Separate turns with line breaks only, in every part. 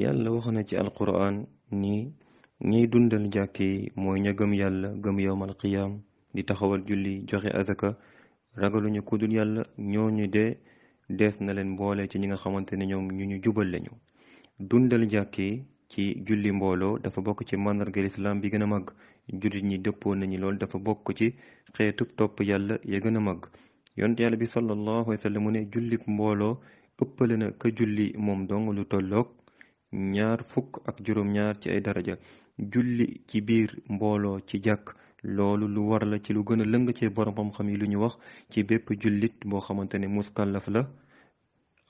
yàlla wax na ci alquran ni ñiy dundal jàkk yi mooy ña gëm yàlla gëm yowmal qiyaam di taxawal julli joxe azaka ragaluñu kudul yàlla ñu de des na leen mboolee ci ñi nga xamante ne ñoom ñu ñu jubal lañu dundal jàkk ci julli mbooloo dafa bokk ci màndarga lislaam bi gën a mag jullit ñi dëppoon nañu lool dafa bokk ci xeetub topp yàlla ya gën a mag yonte yàlla bi sallallahu alayhi wa sallam ne julli mbooloo ëppale na ka julli moom dong lu tolloog ñaar fukk ak juróom-ñaar ci ay daraja julli ci biir mbooloo ci jàkk loolu lu war la ci lu gën a lëng ci borom xam-xam yi lu ñu wax ci bépp jullit boo xamante ne muskàllaf la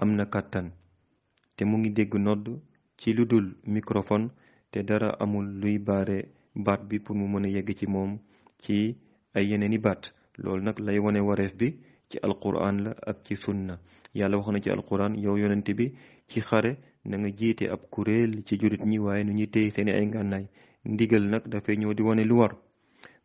am na kàttan te mu ngi dégg nodd ci lu dul microphone te dara amul luy baare baat bi pour mu mën a yegg ci moom ci ay yeneeni baat loolu nag lay wane wareef bi ci alquran la ak ci sunna yàlla wax na ci alquran yow yonent bi ci xare na nga jiite ab kuréel ci jurit ñi waaye nu ñuy téye seeni ay ngànnaay ndigal nag dafay ñëw di wane lu war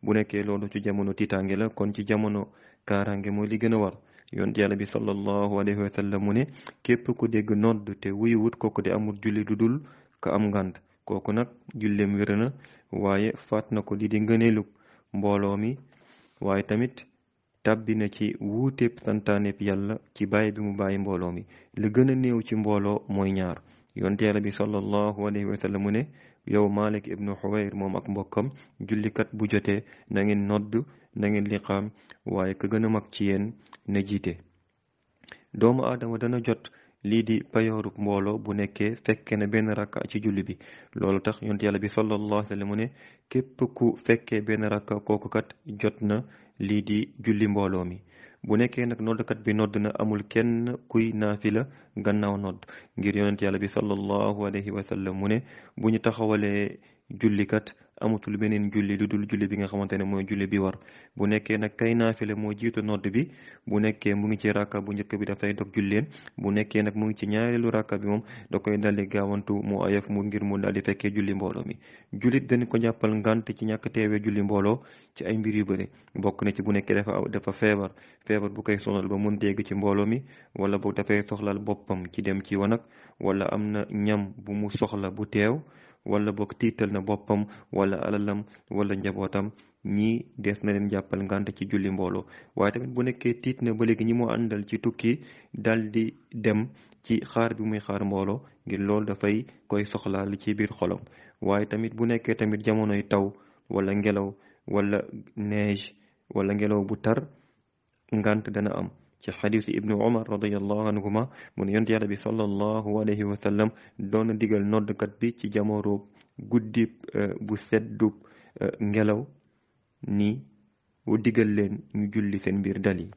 bu nekkee loolu ci jamono tiitaange la kon ci jamono kaaraange mooy li gën a war yonent yàlla bi sallallahu alayhi wa sallam mu ne kepp ku dégg nodd te wuyu wut kooku de amul julli du dul ka am ngànt kooku nag julleem wér na waaye faat na ko li di ngëneelub mbooloo mi waaye tamit tàbbi na ci wuuteeb santaaneeb yàlla ci bàyyi bi mu bàyyi mbooloo mi li gën néew ci mbooloo mooy ñaar yonte yàlla bi sallallahu alayhi wa ne yow Malik ibnu Xuwayr moom ak mbokkam jullikat bu jotee na nodd na ngeen liqaam waaye ka gën a mag ci yéen na jiite doomu adama dana jot lii di payoorub mbooloo bu nekkee fekke na benn rakka ci julli bi loolu tax yonte yàlla bi sallallahu alayhi wa sallam ne képp ku fekkee benn rakka kooku jot na lii di julli mbooloo mi bu nekkee nag noddkat bi nodd amul kenn kuy naafila gannaaw nodd ngir yonent yàlla bi sallallahu alayhi wa sallam mu ne bu ñu taxawalee jullikat amatul beneen julli lu dul julli bi nga xamante ne mooy julli bi war bu nekkee nag kay naafile moo jiitu nodd bi bu nekkee mu ngi ci ràkka bu njëkk bi dafay dog julleen bu nekkee nag mu ngi ci ñaareelu ràkka bi moom da koy daldi gaawantu mu ayof mu ngir mu daldi fekkee julli mbooloo mi jullit dañ ko jàppal ngànt ci ñàkk teewee julli mbooloo ci ay mbir yu bëri bokk na ci bu nekkee dafa dafa feebar feebar bu koy sonal ba mun yegg ci mbooloo mi wala bu dafay soxlal boppam ci dem ci wanag wala am na ñam bu mu soxla bu teew wala bokk tiital na boppam wala alalam wala njabootam ñii des na leen jàppal ngànt ci julli mbooloo waaye tamit bu nekkee tiit na ba léegi ñi moo àndal ci tukki dal di dem ci xaar bi muy xaar mbooloo ngir loolu dafay koy soxlaa soxlaal ci biir xolam waaye tamit bu nekkee tamit jamonoy taw wala ngelaw wala neige wala ngelaw bu tar ngànt dana am ci xadisu ibnu omar radiallahu anhuma mu ne yonent yàlla bi sallallahu alayhi wa sallam doon na digal noddkat bi ci jamono guddi eh, bu seddub eh, ngelaw ni digal leen ñu julli seen mbir dal yi